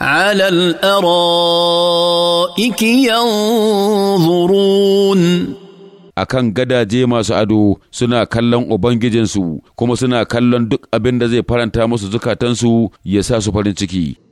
على الأرائك ينظرون akan gadaje masu ado suna kallon ubangijinsu kuma suna kallon duk abin da zai faranta musu zukatansu ya sa su farin ciki